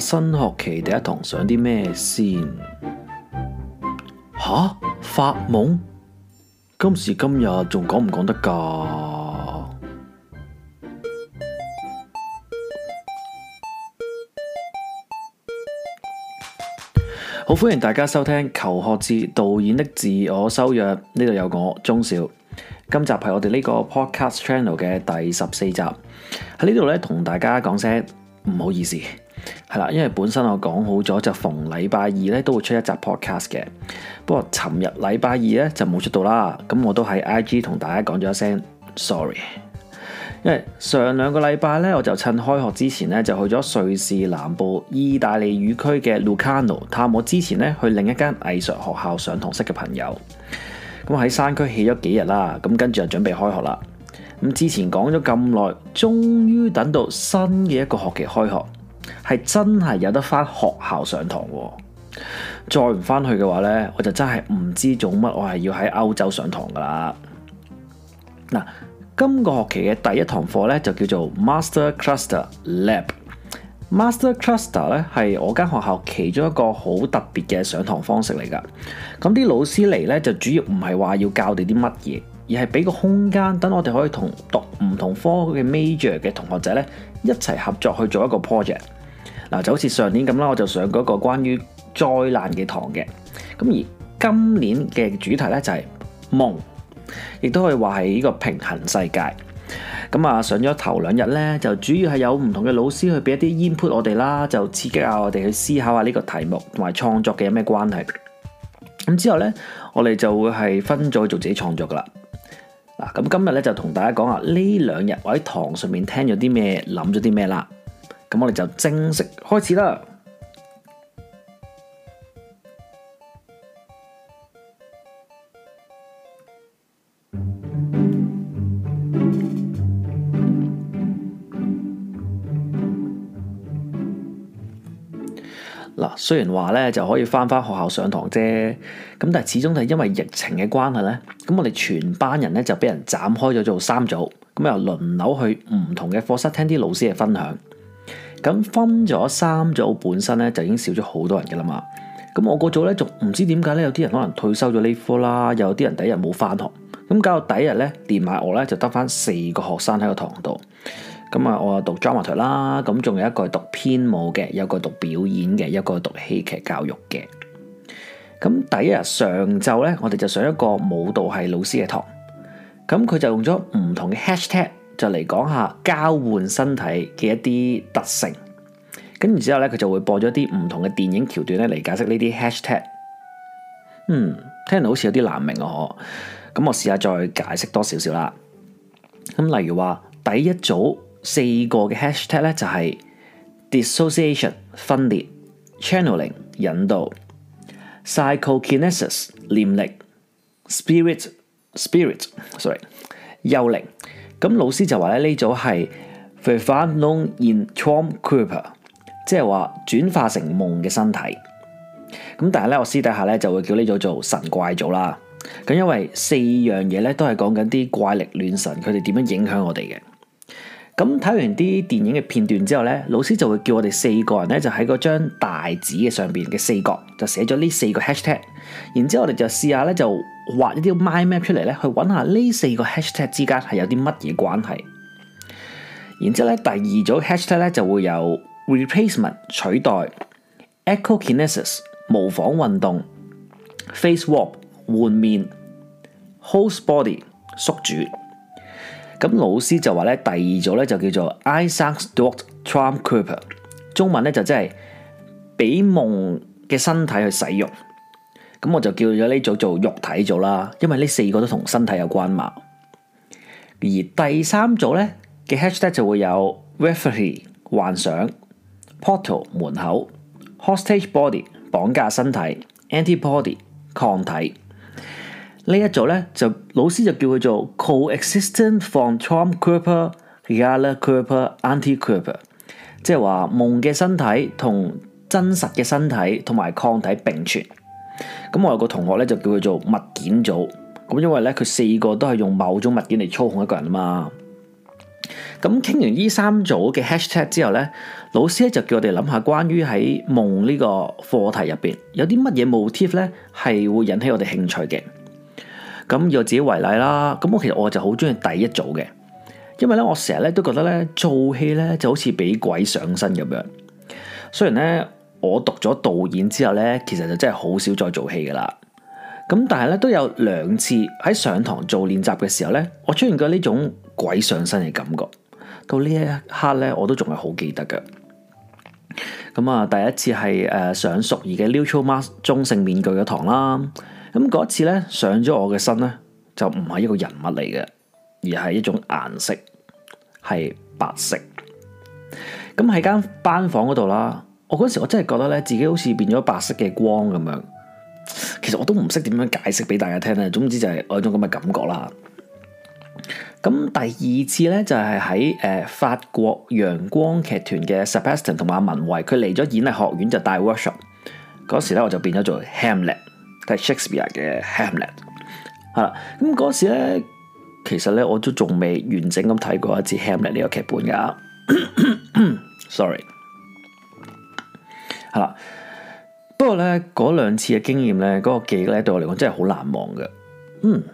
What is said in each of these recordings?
新學期第一堂上啲咩先？吓，發夢？今時今日仲講唔講得噶？ 好，歡迎大家收聽《求學之導演的自我修養》，呢度有我鍾少。今集係我哋呢個 Podcast Channel 嘅第十四集。喺呢度咧，同大家講聲唔好意思。係啦，因為本身我講好咗就逢禮拜二咧都會出一集 podcast 嘅。不過尋日禮拜二咧就冇出到啦，咁我都喺 IG 同大家講咗一聲 sorry。因為上兩個禮拜咧，我就趁開學之前咧就去咗瑞士南部意大利語區嘅 Lucano 探我之前咧去另一間藝術學校上堂識嘅朋友。咁喺山區起咗幾日啦，咁跟住就準備開學啦。咁之前講咗咁耐，終於等到新嘅一個學期開學。係真係有得翻學校上堂，再唔翻去嘅話呢，我就真係唔知做乜，我係要喺歐洲上堂噶啦。嗱，今個學期嘅第一堂課呢，就叫做 Master Cluster Lab。Master Cluster 呢係我間學校其中一個好特別嘅上堂方式嚟噶。咁啲老師嚟呢，就主要唔係話要教你啲乜嘢，而係俾個空間等我哋可以同讀唔同科嘅 major 嘅同學仔呢，一齊合作去做一個 project。嗱，就好似上年咁啦，我就上嗰個關於災難嘅堂嘅。咁而今年嘅主題咧就係夢，亦都可以話係呢個平衡世界。咁啊，上咗頭兩日咧，就主要係有唔同嘅老師去俾一啲 input 我哋啦，就刺激下我哋去思考下呢個題目同埋創作嘅有咩關係。咁之後咧，我哋就會係分組做自己創作噶啦。嗱，咁今日咧就同大家講下呢兩日我喺堂上面聽咗啲咩，諗咗啲咩啦。咁我哋就正式開始啦。嗱，雖然話呢就可以翻返學校上堂啫，咁但係始終係因為疫情嘅關係呢，咁我哋全班人呢就俾人斬開咗做三組，咁又輪流去唔同嘅課室聽啲老師嘅分享。咁分咗三組本身咧就已經少咗好多人嘅啦嘛，咁我個組咧仲唔知點解咧有啲人可能退修咗呢科啦，有啲人第一日冇翻學，咁搞到第一日咧連埋我咧就得翻四個學生喺個堂度，咁啊我啊讀 dramaturgy 啦，咁仲有一個係讀編舞嘅，有個讀表演嘅，一個讀戲劇教育嘅，咁第一日上晝咧我哋就上一個舞蹈系老師嘅堂，咁佢就用咗唔同嘅 hashtag。就嚟講下交換身體嘅一啲特性，跟住之後咧，佢就會播咗啲唔同嘅電影橋段咧嚟解釋呢啲 hashtag。嗯，聽落好似有啲難明啊，嗬。咁我試下再解釋多少少啦。咁例如話，第一組四個嘅 hashtag 咧就係 dissociation 分裂、channeling 引導、psychokinesis 念力、spirit spirit sorry 幽靈。咁老師就話咧呢組係 Verlan in Tom Cooper，即係話轉化成夢嘅身體。咁但係咧，我私底下咧就會叫呢組做神怪組啦。咁因為四樣嘢咧都係講緊啲怪力亂神，佢哋點樣影響我哋嘅。咁睇完啲電影嘅片段之後咧，老師就會叫我哋四個人咧，就喺嗰張大紙嘅上邊嘅四角就寫咗呢四個 hashtag，然之後我哋就試下咧就畫一啲 mind map 出嚟咧，去揾下呢四個 hashtag 之間係有啲乜嘢關係。然之後咧第二組 hashtag 咧就會有 replacement 取代 echokinesis 模仿運動，face walk 換面 host body 宿主。咁老師就話咧，第二組咧就叫做 icebox dot t r u m cooper，中文咧就即係俾夢嘅身體去使用。咁我就叫咗呢組做肉體組啦，因為呢四個都同身體有關嘛。而第三組咧嘅 hatchet 就會有 referee 幻想 portal 門口 hostage body 綁架身體 antibody 抗體。呢一組咧就老師就叫佢做 Coexistent from Trump Cooper, Yala Cooper, Anti Cooper，即係話夢嘅身體同真實嘅身體同埋抗體並存。咁我有個同學咧就叫佢做物件組。咁因為咧佢四個都係用某種物件嚟操控一個人啊嘛。咁傾完呢三組嘅 hashtag 之後咧，老師咧就叫我哋諗下關於喺夢呢個課題入邊有啲乜嘢 motif 咧係會引起我哋興趣嘅。咁以我自己為例啦，咁我其實我就好中意第一組嘅，因為咧我成日咧都覺得咧做戲咧就好似俾鬼上身咁樣。雖然咧我讀咗導演之後咧，其實就真係好少再做戲噶啦。咁但係咧都有兩次喺上堂做練習嘅時候咧，我出現過呢種鬼上身嘅感覺。到呢一刻咧，我都仲係好記得㗎。咁啊，第一次係誒上淑儀嘅 neutral mask 中性面具嘅堂啦。咁嗰次咧上咗我嘅身咧，就唔係一個人物嚟嘅，而係一種顏色，係白色。咁喺間班房嗰度啦，我嗰時我真係覺得咧，自己好似變咗白色嘅光咁樣。其實我都唔識點樣解釋俾大家聽啊！總之就係嗰種咁嘅感覺啦。咁第二次咧就係喺誒法國陽光劇團嘅 Stephenson 同埋阿文慧，佢嚟咗演藝學院就帶 workshop。嗰時咧我就變咗做 Hamlet。係 Shakespeare 嘅 Hamlet，係喇，咁嗰時咧，其實咧我都仲未完整咁睇過一次 Hamlet 呢個劇本㗎、啊、 ，sorry，係喇。不過咧嗰兩次嘅經驗咧，嗰、嗰個記憶咧對我嚟講真係好難忘嘅。嗯，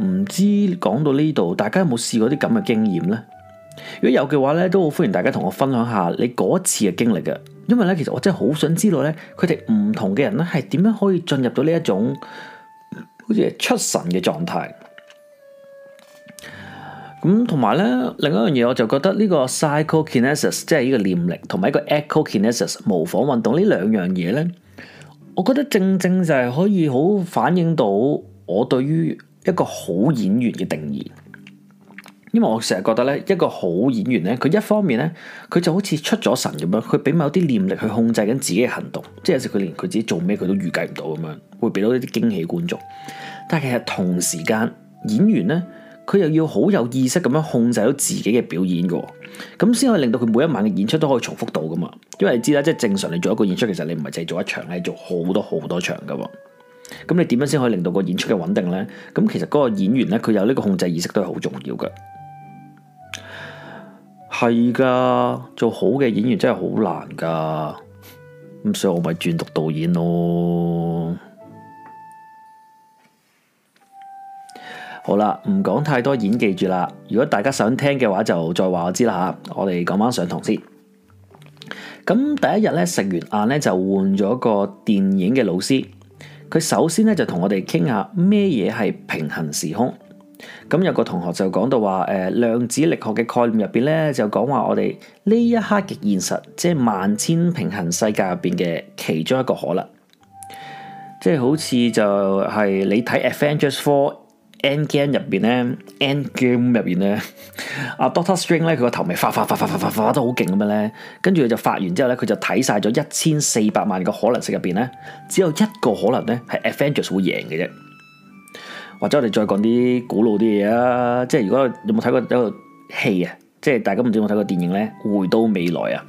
唔知講到呢度，大家有冇試過啲咁嘅經驗咧？如果有嘅話咧，都好歡迎大家同我分享下你嗰次嘅經歷嘅，因為咧其實我真係好想知道咧，佢哋唔同嘅人咧係點樣可以進入到呢一種好似係出神嘅狀態。咁同埋咧，另一樣嘢我就覺得呢個 psychokinesis，即係呢個念力，同埋一個 echokinesis 模仿運動呢兩樣嘢咧，我覺得正正就係可以好反映到我對於一個好演員嘅定義。因為我成日覺得咧，一個好演員咧，佢一方面咧，佢就好似出咗神咁樣，佢俾某啲念力去控制緊自己嘅行動，即係有時佢連佢自己做咩佢都預計唔到咁樣，會俾到一啲驚喜觀眾。但係其實同時間，演員咧，佢又要好有意識咁樣控制到自己嘅表演嘅，咁先可以令到佢每一晚嘅演出都可以重複到噶嘛。因為你知啦，即係正常你做一個演出，其實你唔係淨係做一場，你係做好多好多場嘅喎。咁你點樣先可以令到個演出嘅穩定咧？咁其實嗰個演員咧，佢有呢個控制意識都係好重要嘅。係噶做好嘅演員真係好難噶咁所以我咪轉讀導演咯。好啦，唔講太多演技住啦。如果大家想聽嘅話，就再話我知啦吓。我哋講翻上堂先。咁第一日咧，食完晏咧就換咗個電影嘅老師。佢首先咧就同我哋傾下咩嘢係平行時空。咁有個同學就講到話，誒，量子力學嘅概念入邊咧，就講話我哋呢一刻嘅現實，即係萬千平行世界入邊嘅其中一個可能，即係好似就係你睇《Avengers 4》《Endgame》入邊咧，《Endgame》入邊咧，阿 Doctor Strange 咧，佢 個頭咪發，發發發發發發發都好勁咁樣咧，跟住佢就發完之後咧，佢就睇晒咗一千四百萬個可能性入邊咧，只有一個可能咧係《Avengers》會贏嘅啫。或者我哋再講啲古老啲嘢啊，即係如果有冇睇過一個戲啊，即係大家唔知有冇睇過電影咧，《回到未來》啊，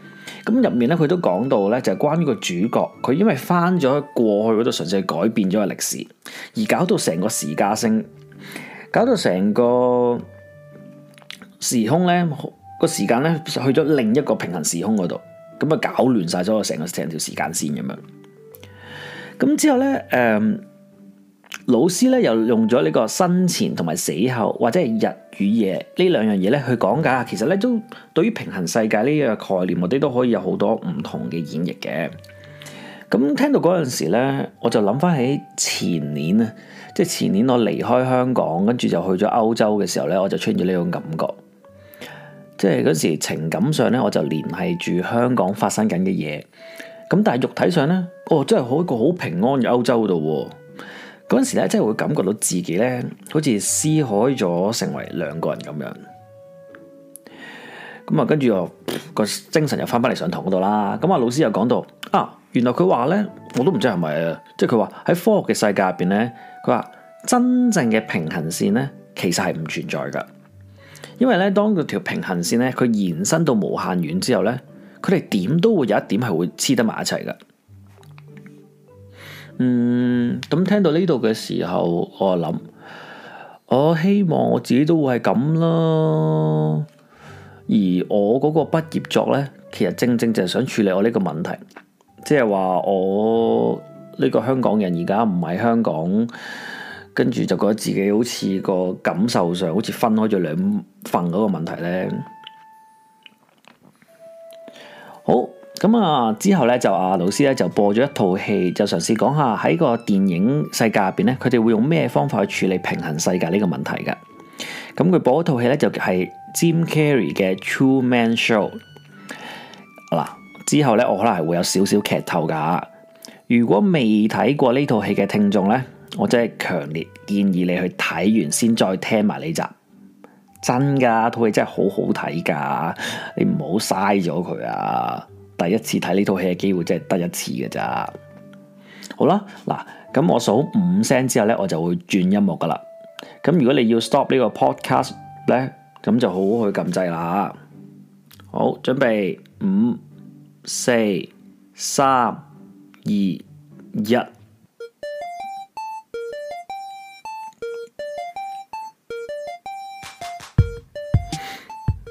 咁入面咧佢都講到咧，就係關於個主角佢因為返咗過去嗰度，純粹改變咗個歷史，而搞到成個時差星，搞到成個時空咧個時間咧去咗另一個平行時空嗰度，咁啊搞亂晒咗個成個整條時間線咁樣。咁之後咧，誒、嗯。老師咧又用咗呢個生前同埋死後或者係日與夜兩呢兩樣嘢咧去講解啊，其實咧都對於平行世界呢個概念，我哋都可以有好多唔同嘅演繹嘅。咁聽到嗰陣時咧，我就諗翻起前年啊，即係前年我離開香港，跟住就去咗歐洲嘅時候咧，我就出現咗呢種感覺，即係嗰時情感上咧，我就聯繫住香港發生緊嘅嘢。咁但係肉體上咧，哦，真係一個好平安嘅歐洲度喎。嗰陣時咧，真係會感覺到自己咧，好似撕開咗成為兩個人咁樣。咁啊，跟住個精神又翻翻嚟上堂嗰度啦。咁啊，老師又講到啊，原來佢話咧，我都唔知係咪，啊。即係佢話喺科學嘅世界入邊咧，佢話真正嘅平行線咧，其實係唔存在噶因為咧，當佢條平行線咧，佢延伸到無限遠之後咧，佢哋點都會有一點係會黐得埋一齊噶嗯，咁聽到呢度嘅時候，我諗，我希望我自己都會係咁咯。而我嗰個畢業作呢，其實正正就係想處理我呢個問題，即係話我呢個香港人而家唔係香港，跟住就覺得自己好似個感受上好似分開咗兩份嗰個問題呢。好。咁啊，之後咧就啊，老師咧就播咗一套戲，就嘗試講下喺個電影世界入邊咧，佢哋會用咩方法去處理平衡世界呢個問題噶。咁佢播一套戲咧就係 Jim Carrey 嘅 Truman Show。嗱、啊，之後咧我可能係會有少少劇透噶。如果未睇過呢套戲嘅聽眾咧，我真係強烈建議你去睇完先再聽埋呢集。真噶，套戲真係好好睇噶，你唔好嘥咗佢啊！第一次睇呢套戲嘅機會真係得一次嘅咋，好啦，嗱，咁我數五聲之後呢，我就會轉音樂噶啦。咁如果你要 stop 呢個 podcast 呢，咁就好好去撳掣啦。好，準備五、四、三、二、一。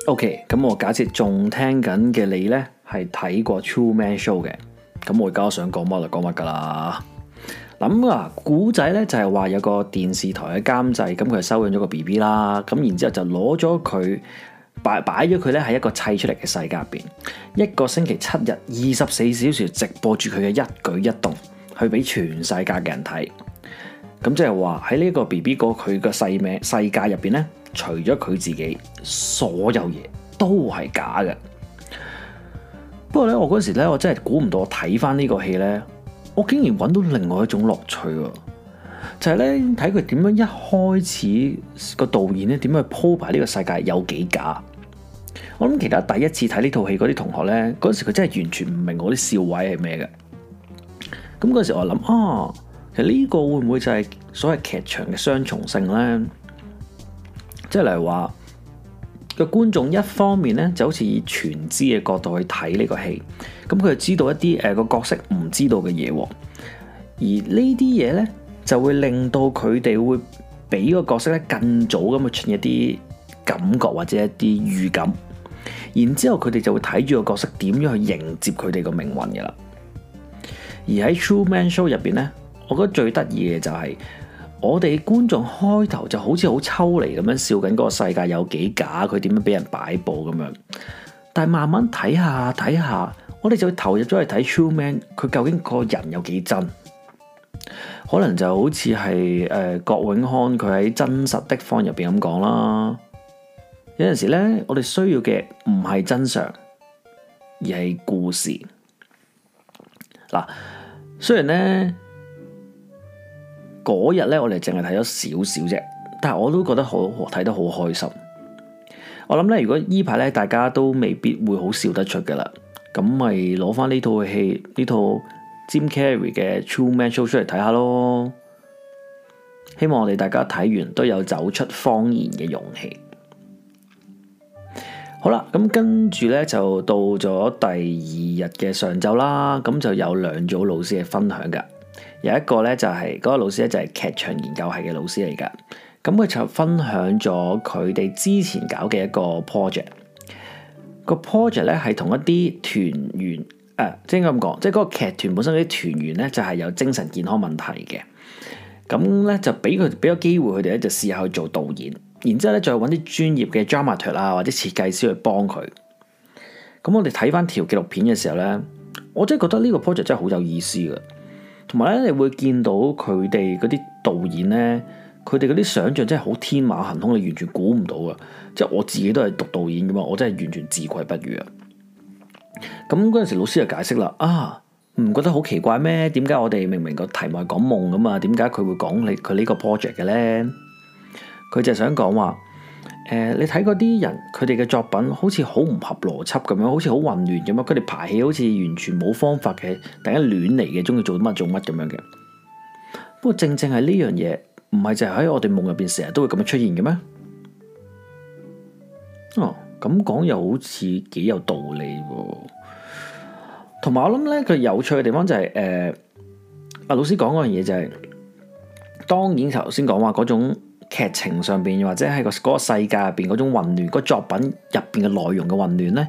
OK，咁我假設仲聽緊嘅你呢？係睇過 True Man Show 嘅，咁我而家想講乜就講乜噶啦。咁啊，古仔咧就係話有個電視台嘅監製，咁佢收養咗個 B B 啦，咁然之後就攞咗佢擺擺咗佢咧喺一個砌出嚟嘅世界入邊，一個星期七日二十四小時直播住佢嘅一舉一動，去俾全世界嘅人睇。咁即係話喺呢個 B B 個佢個世命世界入邊咧，除咗佢自己，所有嘢都係假嘅。不過咧，我嗰時咧，我真係估唔到，我睇翻呢個戲咧，我竟然搵到另外一種樂趣喎！就係咧，睇佢點樣一開始個導演咧，點樣去鋪排呢個世界有幾假。我諗其他第一次睇呢套戲嗰啲同學咧，嗰時佢真係完全唔明我啲笑位係咩嘅。咁嗰時我諗啊，其實呢個會唔會就係所謂劇場嘅雙重性咧？即係例如話。個觀眾一方面咧就好似以全知嘅角度去睇呢個戲，咁佢就知道一啲誒、呃、個角色唔知道嘅嘢，而呢啲嘢咧就會令到佢哋會俾個角色咧更早咁去出現一啲感覺或者一啲預感，然之後佢哋就會睇住個角色點樣去迎接佢哋個命運嘅啦。而喺 True Man Show 入邊咧，我覺得最得意嘅就係、是。我哋觀眾開頭就好似好抽離咁樣笑緊嗰個世界有幾假，佢點樣俾人擺佈咁樣。但係慢慢睇下睇下，我哋就投入咗去睇 True Man，佢究竟個人有幾真？可能就好似係誒，郭永康，佢喺真實的方入邊咁講啦。有陣時呢，我哋需要嘅唔係真相，而係故事。嗱，雖然呢。嗰日咧，我哋淨係睇咗少少啫，但係我都覺得好睇得好開心。我諗咧，如果呢排咧，大家都未必會好笑得出噶啦，咁咪攞翻呢套戲，呢套 Jim Carrey 嘅 True Man Show 出嚟睇下咯。希望我哋大家睇完都有走出謊言嘅勇氣。好啦，咁跟住咧就到咗第二日嘅上晝啦，咁就有兩組老師嘅分享噶。有一個咧就係、是、嗰、那個老師咧就係劇場研究系嘅老師嚟噶，咁佢就分享咗佢哋之前搞嘅一個 project。個 project 咧係同一啲團員，誒、啊，即係應該咁講，即係嗰個劇團本身嗰啲團員咧就係有精神健康問題嘅。咁咧就俾佢俾個機會佢哋咧就試下去做導演，然之後咧再揾啲專業嘅 dramaturg 啊或者設計師去幫佢。咁我哋睇翻條紀錄片嘅時候咧，我真係覺得呢個 project 真係好有意思嘅。同埋咧，你會見到佢哋嗰啲導演咧，佢哋嗰啲想像真係好天馬行空，你完全估唔到啊。即係我自己都係讀導演㗎嘛，我真係完全自愧不如啊。咁嗰陣時老師就解釋啦，啊唔覺得好奇怪咩？點解我哋明明個題目係講夢㗎嘛？點解佢會講你佢呢個 project 嘅咧？佢就係想講話。誒、呃,你睇嗰啲人，佢哋嘅作品好似好唔合邏輯咁樣，好似好混亂咁樣，佢哋排戲好似完全冇方法嘅，大家亂嚟嘅，中意做乜做乜咁樣嘅。不過正正係呢樣嘢，唔係就係喺我哋夢入邊成日都會咁樣出現嘅咩？哦、啊，咁講又好似幾有道理喎。同埋我諗咧，佢有趣嘅地方就係、是，誒、呃，阿老師講嗰樣嘢就係、是，當然頭先講話嗰種。劇情上邊或者喺個個世界入邊嗰種混亂，個作品入邊嘅內容嘅混亂咧，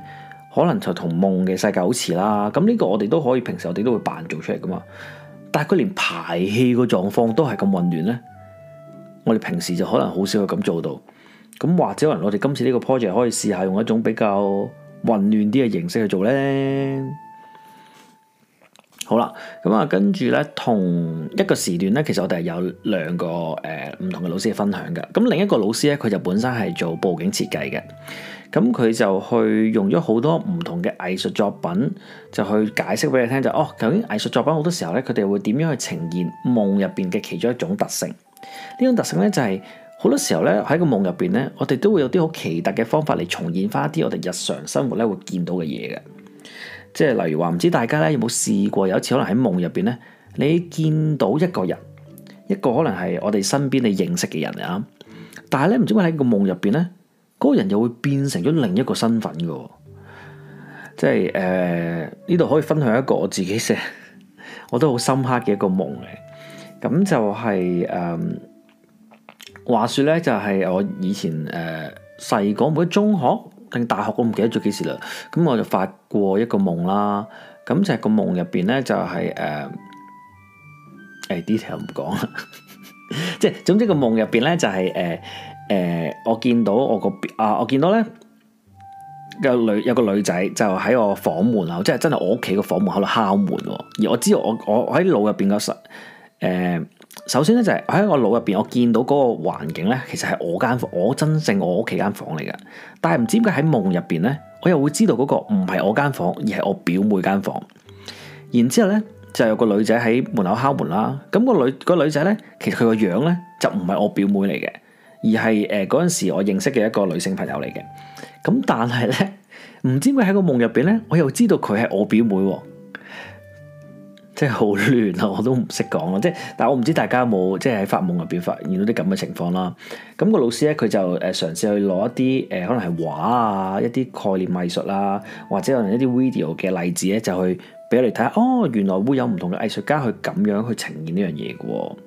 可能就同夢嘅世界好似啦。咁呢個我哋都可以平時我哋都會扮做出嚟噶嘛。但係佢連排戲個狀況都係咁混亂咧，我哋平時就可能好少會咁做到。咁或者可能我哋今次呢個 project 可以試下用一種比較混亂啲嘅形式去做咧。好啦，咁啊，跟住咧，同一個時段咧，其實我哋係有兩個誒唔同嘅老師嘅分享嘅。咁另一個老師咧，佢就本身係做布景設計嘅，咁佢就去用咗好多唔同嘅藝術作品，就去解釋俾你聽，就哦，究竟藝術作品好多時候咧，佢哋會點樣去呈現夢入邊嘅其中一種特性？呢種特性咧，就係好多時候咧，喺個夢入邊咧，我哋都會有啲好奇特嘅方法嚟重現返一啲我哋日常生活咧會見到嘅嘢嘅。即係例如話，唔知大家咧有冇試過？有一次可能喺夢入邊咧，你見到一個人，一個可能係我哋身邊你認識嘅人啊，但係咧唔知點解喺個夢入邊咧，嗰、那個人又會變成咗另一個身份嘅。即係誒呢度可以分享一個我自己寫，我都好深刻嘅一個夢嚟。咁就係、是、誒、呃、話説咧，就係我以前誒細、呃、個，冇記中學，定大學我唔記得咗幾時啦，咁我就發過一個夢啦，咁就係個夢入邊咧就係、是呃、誒誒啲細節唔講啦， 即係總之個夢入邊咧就係誒誒我見到我個啊我見到咧個女有個女仔就喺我房門啊，即係真係我屋企個房門口度敲門，而我知道我我喺腦入邊個實誒。呃首先咧就係喺我腦入邊，我見到嗰個環境咧,其實係我間房，我真正我屋企間房嚟嘅。但係唔知點解喺夢入邊咧，我又會知道嗰個唔係我間房，而係我表妹間房。然之後咧，就有個女仔喺門口敲門啦。咁、個女、個女仔咧，其實佢個樣咧就唔係我表妹嚟嘅，而係誒嗰陣時我認識嘅一個女性朋友嚟嘅。咁但係咧，唔知點解喺個夢入邊咧，我又知道佢係我表妹。即係好亂啊！我都唔識講咯，即係，但我唔知大家有冇即係喺發夢入邊發現到啲咁嘅情況啦。咁、那個老師咧，佢就誒嘗試去攞一啲誒、呃，可能係畫啊，一啲概念藝術啊，或者可能一啲 video 嘅例子咧，就去俾我哋睇下。哦，原來會有唔同嘅藝術家去咁樣去呈現呢樣嘢嘅。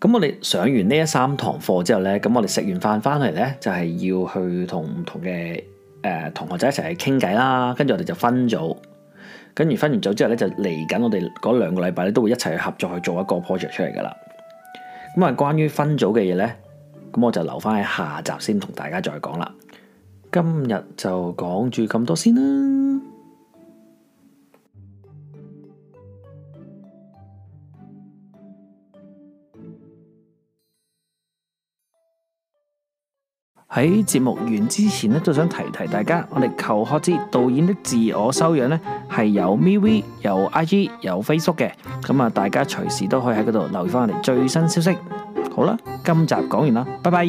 咁我哋上完呢一三堂課之後咧，咁我哋食完飯翻嚟咧，就係、是、要去同唔同嘅誒同學仔一齊去傾偈啦。跟住我哋就分組。跟住分完組之後咧，就嚟緊我哋嗰兩個禮拜咧，都會一齊合作去做一個 project 出嚟噶啦。咁啊，關於分組嘅嘢咧，咁我就留翻喺下集先同大家再講啦。今日就講住咁多先啦。喺節目完之前咧，都想提提大家，我哋求學之導演的自我修養咧，係有 MeWe、有 IG、有 Facebook 嘅，咁啊，大家隨時都可以喺嗰度留意翻我哋最新消息。好啦，今集講完啦，拜拜。